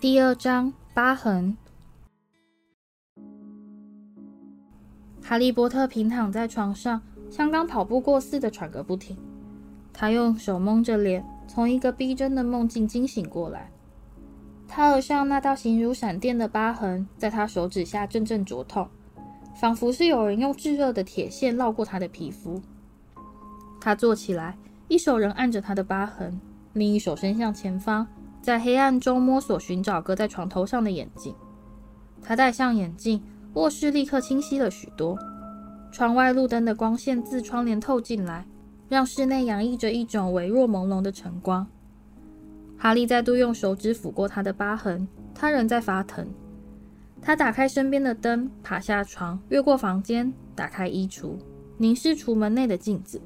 第二章疤痕。哈利波特平躺在床上，像剛跑步過似的喘個不停。他用手蒙着臉，從一個逼真的夢境驚醒過來。他額上那道形如閃電的疤痕，在他手指下陣陣灼痛，仿佛是有人用炙熱的鐵線烙過他的皮膚。他坐起來，一手仍按着他的疤痕，另一手伸向前方。在黑暗中摸索尋找擱在床頭上的眼鏡，他戴上眼鏡，臥室立刻清晰了許多。窗外路燈的光線自窗簾透進來，讓室內洋溢着一種微弱朦朧的晨光。哈利再度用手指撫過他的疤痕，他仍在發疼。他打開身邊的燈，爬下床，越過房間，打開衣櫥，凝視櫥門內的鏡子。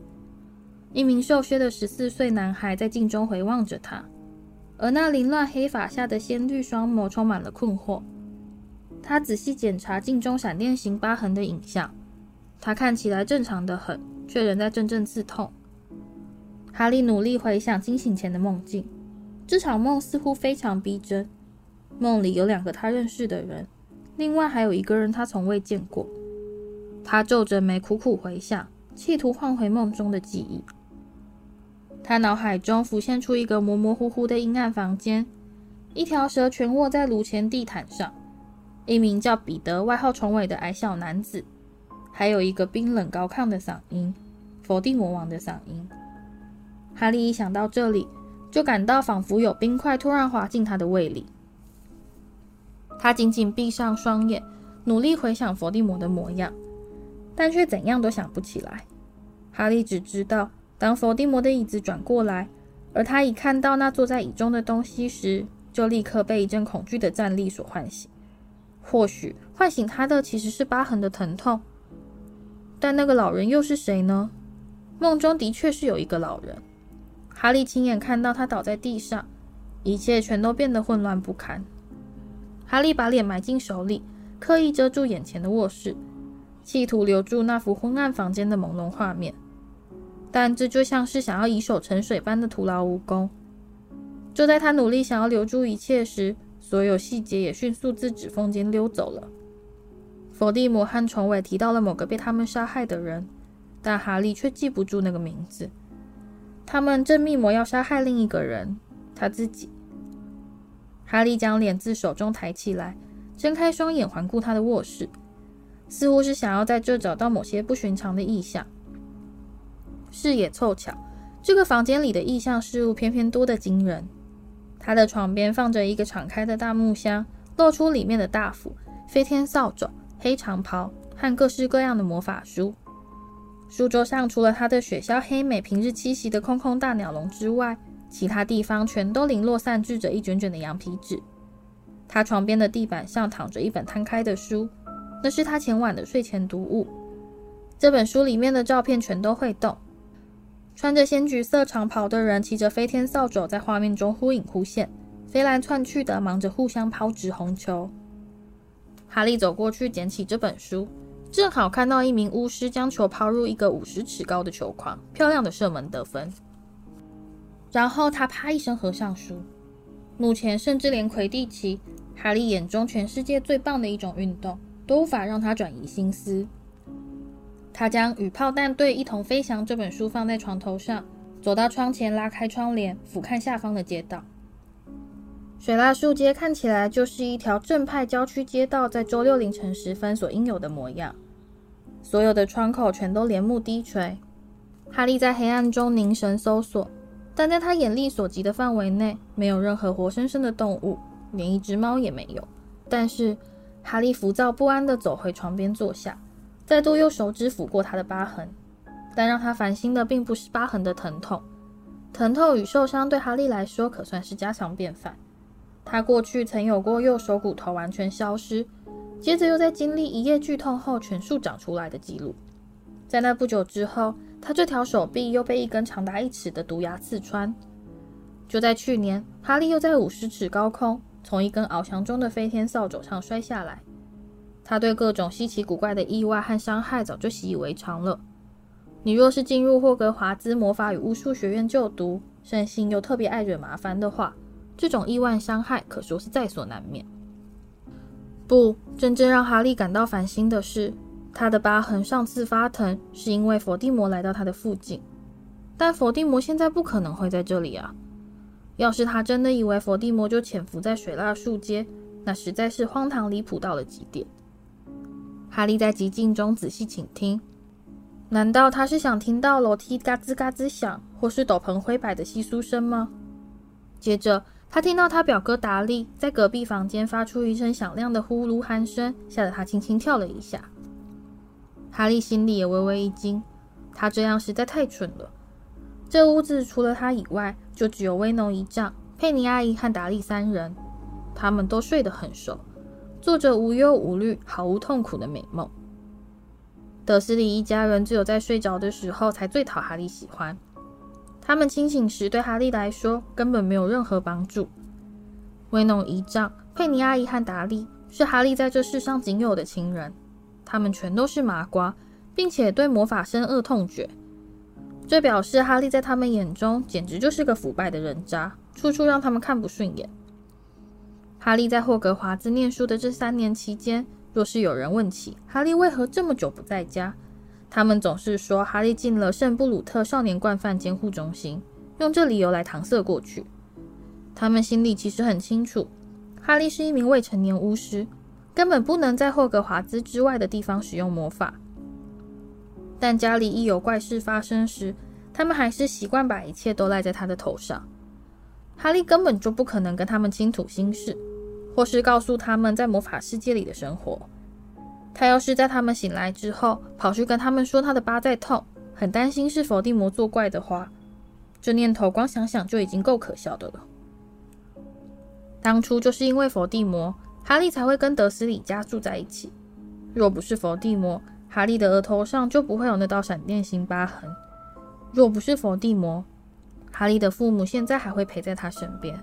一名瘦削的十四歲男孩在鏡中回望着他。而那凌亂黑髮下的鮮綠雙眸充滿了困惑。他仔細檢查鏡中閃電形疤痕的影像，他看起來正常的很，卻仍在陣陣刺痛。哈利努力回想驚醒前的夢境，這場夢似乎非常逼真。夢裡有兩個他認識的人，另外還有一個人他從未見過。他皺着眉苦苦回想，企圖喚回夢中的記憶。他腦海中浮現出一個模模糊糊的陰暗房間，一條蛇蜷臥在爐前地毯上，一名叫彼得、外號“蟲尾”的矮小男子，還有一個冰冷高亢的嗓音——佛地魔王的嗓音。哈利一想到這裡，就感到仿佛有冰塊突然滑進他的胃裡。他緊緊閉上雙眼，努力回想佛地魔的模樣，但卻怎樣都想不起來。哈利只知道。當佛地魔的椅子轉過來，而他一看到那坐在椅中的東西時，就立刻被一陣恐懼的戰慄所喚醒。或許喚醒他的其實是疤痕的疼痛，但那個老人又是誰呢？夢中的確是有一個老人，哈利親眼看到他倒在地上，一切全都變得混亂不堪。哈利把臉埋進手裡，刻意遮住眼前的臥室，企圖留住那幅昏暗房間的朦朧畫面。但這就像是想要以手盛水般的徒勞無功。就在他努力想要留住一切時，所有細節也迅速自指縫間溜走了。佛地魔和蟲尾提到了某個被他們殺害的人，但哈利卻記不住那個名字。他們正密謀要殺害另一個人，他自己。哈利將臉自手中抬起來，睜開雙眼環顧他的臥室，似乎是想要在這找到某些不尋常的意象。視野湊巧，這個房間裡的異象事物偏偏多得驚人。他的床邊放着一個敞開的大木箱，露出裡面的大釜、飛天掃帚、黑長袍和各式各樣的魔法書。書桌上除了他的雪鴞嘿美平日棲息的空空大鳥籠之外，其他地方全都零落散置着一卷卷的羊皮紙。他床邊的地板上躺着一本攤開的書，那是他前晚的睡前讀物。這本書裡面的照片全都會動。穿着鮮橘色長袍的人騎着飛天掃帚在畫面中忽隱忽現，飛來竄去的忙着互相拋擲紅球。哈利走過去撿起這本書，正好看到一名巫師將球拋入一個五十尺高的球筐，漂亮的射門得分。然後他啪一聲合上書。目前，甚至連魁地奇——哈利眼中全世界最棒的一種運動——都無法讓他轉移心思。他將與炮彈隊一同飛翔這本書放在床頭上，走到窗前拉開窗簾，俯瞰下方的街道。水蠟樹街看起來就是一條正派郊區街道，在周六凌晨時分所應有的模樣。所有的窗口全都簾幕低垂。哈利在黑暗中凝神搜索，但在他眼力所及的範圍內，沒有任何活生生的動物，連一隻貓也沒有。但是哈利浮躁不安地走回床邊坐下，再度用手指撫過他的疤痕，但讓他煩心的並不是疤痕的疼痛，疼痛與受傷對哈利來說可算是家常便飯。他過去曾有過右手骨頭完全消失，接着又在經歷一夜劇痛後全數長出來的記錄。在那不久之後，他這條手臂又被一根長達一尺的毒牙刺穿。就在去年，哈利又在五十尺高空從一根翱翔中的飛天掃帚上摔下來。他對各種稀奇古怪的意外和傷害早就習以為常了。你若是進入霍格華茲魔法與巫術學院就讀，生性又特別愛惹麻煩的話，這種意外傷害可說是在所難免。不，真正讓哈利感到煩心的是，他的疤痕上次發疼是因為佛地魔來到他的附近，但佛地魔現在不可能會在這裡啊。要是他真的以為佛地魔就潛伏在水蠟樹街，那實在是荒唐離譜到了極點。哈利在寂靜中仔細傾聽。難道他是想聽到樓梯嘎吱嘎吱響，或是斗篷灰白的窸窣聲嗎？接着，他聽到他表哥達利在隔壁房間發出一聲響亮的呼嚕鼾聲，嚇得他輕輕跳了一下。哈利心裡也微微一驚。他這樣實在太蠢了。這屋子除了他以外，就只有威農姨丈、佩妮阿姨和達利三人，他們都睡得很熟。做着無憂無慮、毫無痛苦的美夢。德思禮一家人只有在睡着的時候才最討哈利喜歡，他們清醒時對哈利來說根本沒有任何幫助。威農姨丈、佩妮阿姨和達利是哈利在這世上僅有的親人，他們全都是麻瓜，並且對魔法深惡痛絕。這表示哈利在他們眼中簡直就是個腐敗的人渣，處處讓他們看不順眼。哈利在霍格華茲念書的這三年期間，若是有人問起哈利為何這麼久不在家，他們總是說哈利進了聖布魯特少年慣犯監護中心，用這理由來搪塞過去。他們心裡其實很清楚，哈利是一名未成年巫師，根本不能在霍格華茲之外的地方使用魔法。但家裡一有怪事發生時，他們還是習慣把一切都賴在他的頭上。哈利根本就不可能跟他們傾吐心事。或是告訴他們在魔法世界裡的生活。他要是在他們醒來之後跑去跟他們說他的疤在痛，很擔心是佛地魔作怪的話，這念頭光想想就已經夠可笑的了。當初就是因為佛地魔，哈利才會跟德思禮家住在一起。若不是佛地魔，哈利的額頭上就不會有那道閃電形疤痕；若不是佛地魔，哈利的父母現在還會陪在他身邊。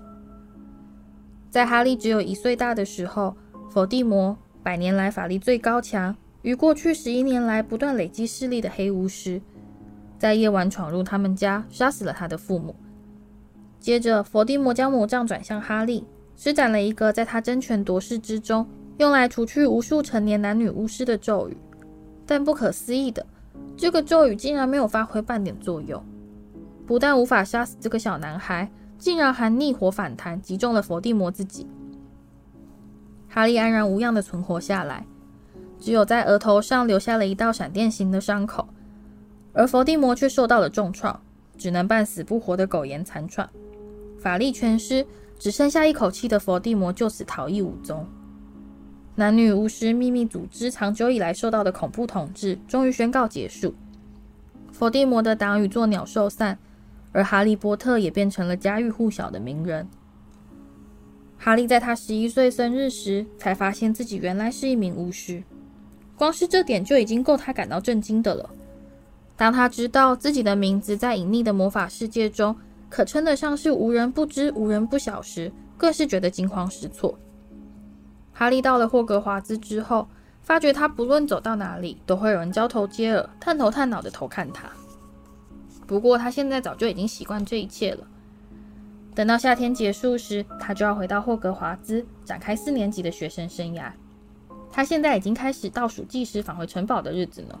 在哈利只有一歲大的時候，伏地魔百年來法力最高強，與過去十一年來不斷累積勢力的黑巫師，在夜晚闖入他們家，殺死了他的父母。接着，伏地魔將魔杖轉向哈利，施展了一個在他爭權奪勢之中，用來除去無數成年男女巫師的咒語，但不可思議的，這個咒語竟然沒有發揮半點作用，不但無法殺死這個小男孩。竟然還逆火反彈，擊中了佛地魔自己。哈利安然無恙的存活下來，只有在額頭上留下了一道閃電形的傷口，而佛地魔卻受到了重創，只能半死不活的苟延殘喘，法力全失，只剩下一口氣的佛地魔就此逃逸無蹤。男女巫師秘密組織長久以來受到的恐怖統治終於宣告結束，佛地魔的黨羽作鳥獸散。而哈利波特也變成了家喻戶曉的名人。哈利在他十一歲生日時才發現自己原來是一名巫師，光是這點就已經夠他感到震驚的了。當他知道自己的名字在隱秘的魔法世界中可稱得上是無人不知、無人不曉時，更是覺得驚慌失措。哈利到了霍格華茲之後，發覺他不論走到哪裡，都會有人交頭接耳、探頭探腦的偷看他。不過，他現在早就已經習慣這一切了。等到夏天結束時，他就要回到霍格華茲展開四年級的學生生涯。他現在已經開始倒數計時，返回城堡的日子呢。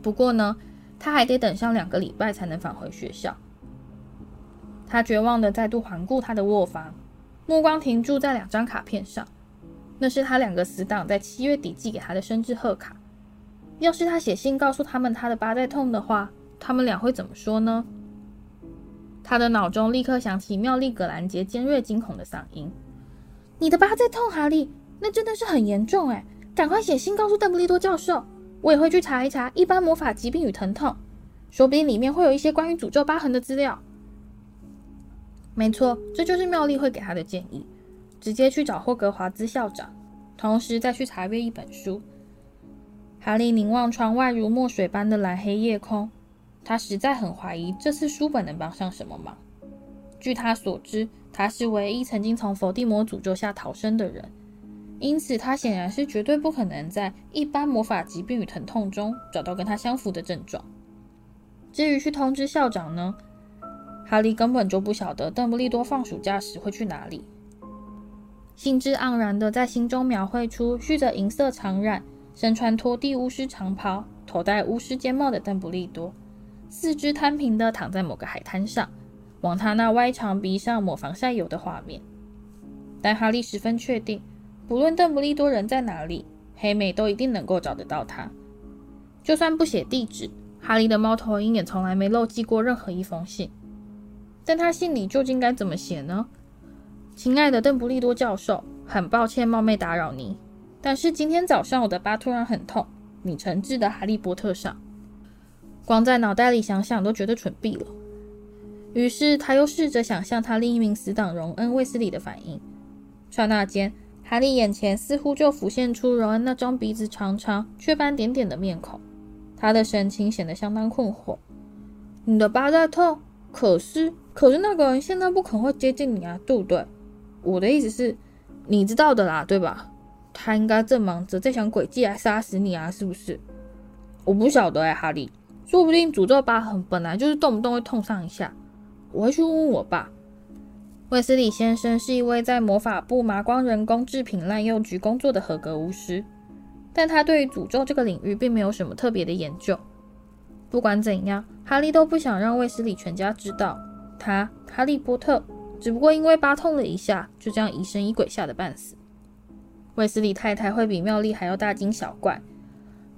不過呢，他還得等上兩個禮拜才能返回學校。他絕望的再度環顧他的臥房，目光停駐在兩張卡片上，那是他兩個死黨在七月底寄給他的生日賀卡。要是他寫信告訴他們他的疤在痛的話。他們倆會怎麼說呢？他的腦中立刻響起妙麗·葛蘭傑尖銳驚，驚恐的嗓音：“你的疤在痛，哈利？那真的是很嚴重哎！趕快寫信告訴鄧布利多教授，我也會去查一查《一般魔法疾病與疼痛》，說不定裡面會有一些關於詛咒疤痕的資料。”沒錯，這就是妙麗會給他的建議：直接去找霍格華茲校長，同時再去查閱一本書。哈利凝望窗外如墨水般的藍黑夜空。他實在很懷疑這次書本能幫上什麼忙。據他所知，他是唯一曾經從佛地魔詛咒下逃生的人，因此他顯然是絕對不可能在一般魔法疾病與疼痛中找到跟他相符的症狀。至於去通知校長呢？哈利根本就不曉得鄧不利多放暑假時會去哪裡。興致盎然的在心中描繪出蓄着銀色長髯、身穿拖地巫師長袍、頭戴巫師尖帽的鄧不利多，四肢攤平地躺在某個海灘上，往他那歪長鼻上抹防曬油的畫面。但哈利十分確定，不論鄧布利多人在哪裡，嘿美都一定能夠找得到他。就算不寫地址，哈利的貓頭鷹也從來沒漏寄過任何一封信。但他信裡究竟該怎麼寫呢？親愛的鄧布利多教授，很抱歉冒昧打擾您，但是今天早上我的疤突然很痛。你誠摯的，哈利波特上。光在腦袋裡想想都覺得蠢斃了。於是他又試着想象他另一名死黨榮恩·衛斯理的反應。剎那間，哈利眼前似乎就浮現出榮恩那張鼻子長長、雀斑點點的面孔，他的神情顯得相當困惑。你的疤在痛？可是，可是那個人現在不可能會接近你啊，對不對？我的意思是，你知道的啦，對吧？他應該正忙着在想詭計來殺死你啊，是不是？我不曉得、欸、哈利。說不定詛咒疤痕本來就是動不動會痛上一下。我會去問問我爸。衛斯理先生是一位在魔法部麻瓜人工製品濫用局工作的合格巫師，但他對於詛咒這個領域並沒有什麼特別的研究。不管怎樣，哈利都不想讓衛斯理全家知道他哈利波特只不過因為疤痛了一下，就這樣疑神疑鬼，嚇得半死。衛斯理太太會比妙麗還要大驚小怪。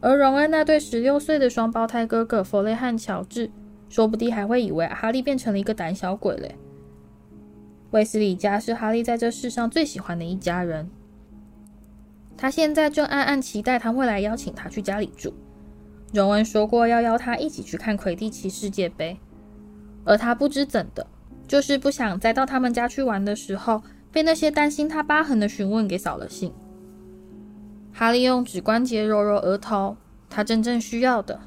而榮恩那對十六歲的雙胞胎哥哥弗雷和喬治，說不定還會以為哈利變成了一個膽小鬼嘞。衛斯理家是哈利在這世上最喜歡的一家人，他現在正暗暗期待他未來邀請他去家裡住。榮恩說過要邀他一起去看魁地奇世界杯，而他不知怎的，就是不想再到他們家去玩的時候被那些擔心他疤痕的詢問給掃了興。哈利用指關節揉揉額頭。他真正需要的，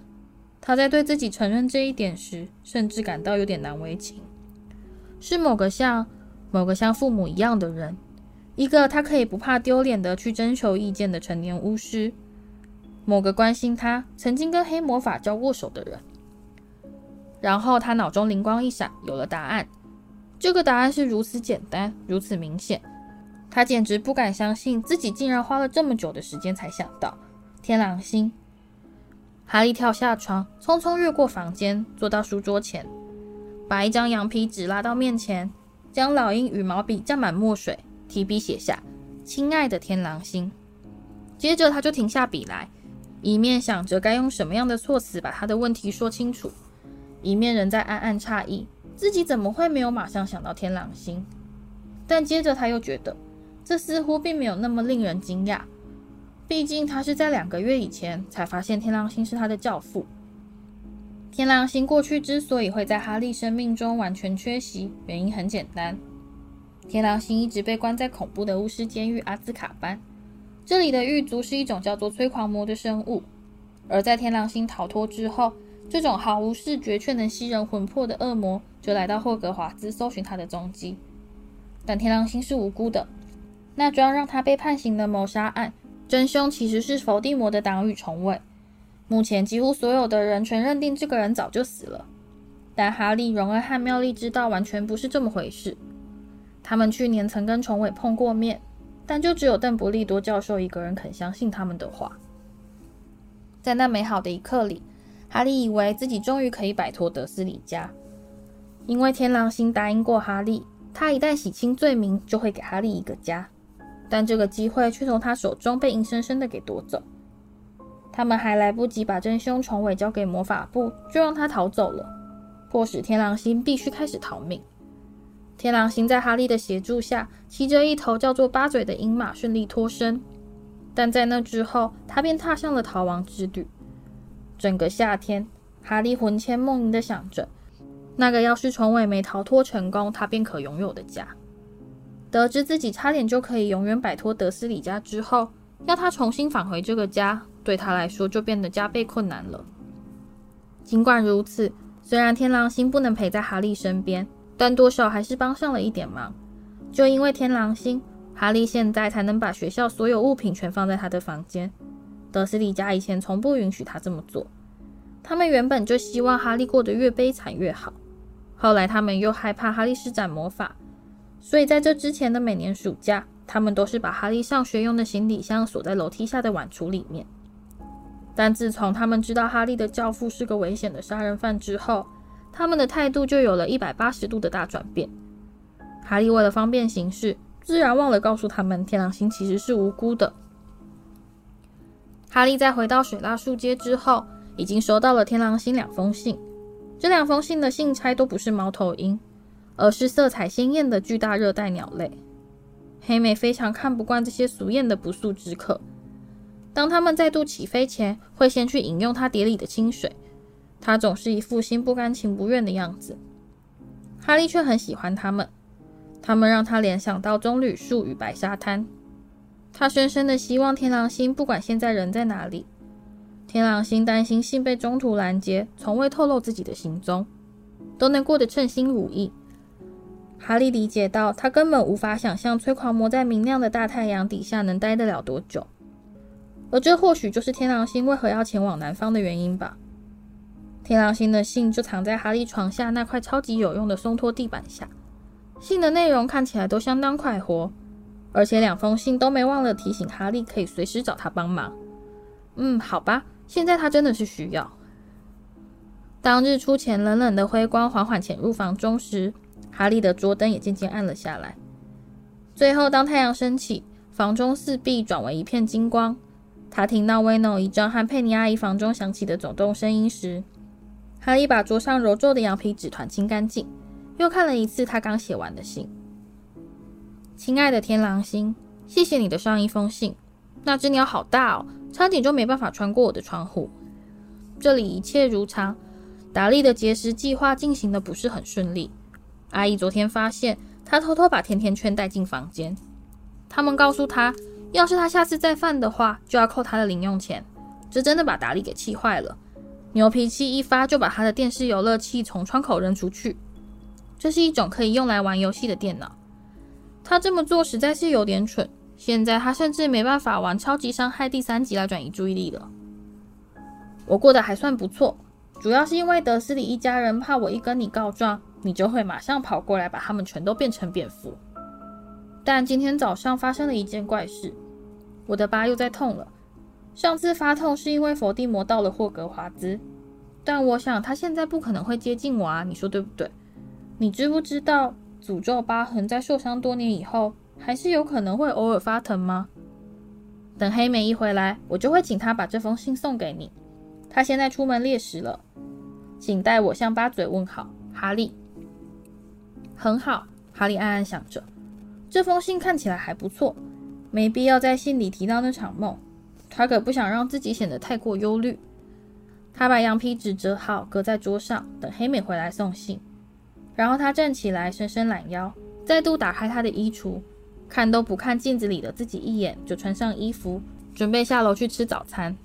他在對自己承認這一點時，甚至感到有點難為情。是某個像某個像父母一樣的人，一個他可以不怕丟臉的去徵求意見的成年巫師，某個關心他曾經跟黑魔法交過手的人。然後他腦中靈光一閃，有了答案。這個答案是如此簡單，如此明顯。他簡直不敢相信，自己竟然花了這麼久的時間才想到天狼星。哈利跳下床，匆匆越過房間，坐到書桌前，把一張羊皮紙拉到面前，將老鷹羽毛筆蘸滿墨水，提筆寫下：“親愛的天狼星。”接着他就停下筆來，一面想着該用什麼樣的措辭把他的問題說清楚，一面仍在暗暗詫異，自己怎麼會沒有馬上想到天狼星。但接着他又覺得。這似乎並沒有那麼令人驚訝，畢竟他是在兩個月以前才發現天狼星是他的教父。天狼星過去之所以會在哈利生命中完全缺席，原因很簡單：天狼星一直被關在恐怖的巫師監獄阿茲卡班，這裡的獄卒是一種叫做催狂魔的生物。而在天狼星逃脫之後，這種毫無視覺卻能吸人魂魄的惡魔就來到霍格華茲搜尋他的蹤跡。但天狼星是無辜的。那樁讓他被判刑的謀殺案，真凶其實是佛地魔的黨羽蟲尾。目前幾乎所有的人全認定這個人早就死了，但哈利、榮恩和妙麗知道完全不是這麼回事。他們去年曾跟蟲尾碰過面，但就只有鄧布利多教授一個人肯相信他們的話。在那美好的一刻裡，哈利以為自己終於可以擺脫德思禮家，因為天狼星答應過哈利，他一旦洗清罪名，就會給哈利一個家。但這個機會卻從他手中被硬生生的給奪走。他們還來不及把真兇蟲尾交給魔法部，就讓他逃走了，迫使天狼星必須開始逃命。天狼星在哈利的協助下，騎着一頭叫做巴嘴的鷹馬順利脫身。但在那之後，他便踏上了逃亡之旅。整個夏天，哈利魂牽夢縈地想着，那個要是蟲尾沒逃脫成功，他便可擁有的家。得知自己差點就可以永遠擺脫德斯里家之後，要他重新返回這個家，對他來說就變得加倍困難了。儘管如此，雖然天狼星不能陪在哈利身邊，但多少還是幫上了一點忙。就因為天狼星，哈利現在才能把學校所有物品全放在他的房間。德斯里家以前從不允許他這麼做，他們原本就希望哈利過得越悲慘越好，後來他們又害怕哈利施展魔法。所以在這之前的每年暑假，他們都是把哈利上學用的行李箱鎖在樓梯下的碗櫥裡面。但自從他們知道哈利的教父是個危險的殺人犯之後，他們的態度就有了一百八十度的大轉變。哈利為了方便行事，自然忘了告訴他們天狼星其實是無辜的。哈利在回到水蠟樹街之後，已經收到了天狼星兩封信，這兩封信的信差都不是貓頭鷹。而是色彩鮮豔的巨大熱帶鳥類，嘿美非常看不慣這些俗豔的不速之客。當他們再度起飛前，會先去飲用他碟裡的清水，他總是一副心不甘情不願的樣子。哈利卻很喜歡他們，他們讓他聯想到棕櫚樹與白沙灘。他深深的希望天狼星不管現在人在哪裡，天狼星擔心信被中途攔截，從未透露自己的行蹤，都能過得稱心如意。哈利理解到，他根本無法想象催狂魔在明亮的大太陽底下能待得了多久，而這或許就是天狼星為何要前往南方的原因吧。天狼星的信就藏在哈利床下那塊超級有用的鬆脫地板下，信的內容看起來都相當快活，而且兩封信都沒忘了提醒哈利可以隨時找他幫忙。嗯，好吧，現在他真的是需要。當日出前，冷冷的灰光緩緩潛入房中時。哈利的桌燈也漸漸暗了下來。最後，當太陽升起，房中四壁轉為一片金光。他聽到威諾姨丈和佩妮阿姨房中響起的走動聲音時，哈利把桌上揉皺的羊皮紙團清乾淨，又看了一次他剛寫完的信：“親愛的天狼星，謝謝你的上一封信。那只鳥好大哦，差點就沒辦法穿過我的窗戶。這裡一切如常。達利的節食計劃進行的不是很順利。”阿姨昨天發現他偷偷把甜甜圈帶進房間，他們告訴他，要是他下次再犯的話，就要扣他的零用錢。這真的把達利給氣壞了，牛脾氣一發就把他的電視遊樂器從窗口扔出去。這是一種可以用來玩遊戲的電腦，他這麼做實在是有點蠢。現在他甚至沒辦法玩《超級傷害》第三集來轉移注意力了。我過得還算不錯，主要是因為德斯里一家人怕我一跟你告狀。你就會馬上跑過來把他們全都變成蝙蝠。但今天早上發生了一件怪事，我的疤又在痛了。上次發痛是因為佛地魔到了霍格華茲，但我想他現在不可能會接近我啊，你說對不對？你知不知道詛咒疤痕在受傷多年以後，還是有可能會偶爾發疼嗎？等黑莓一回來，我就會請他把這封信送給你。他現在出門獵食了，請代我向巴嘴問好，哈利。很好，哈利暗暗想着，這封信看起來還不錯，沒必要在信裡提到那場夢。他可不想讓自己顯得太過憂慮。他把羊皮紙折好，擱在桌上，等嘿美回來送信。然後他站起來，伸伸懶腰，再度打開他的衣櫥，看都不看鏡子裡的自己一眼，就穿上衣服，準備下樓去吃早餐。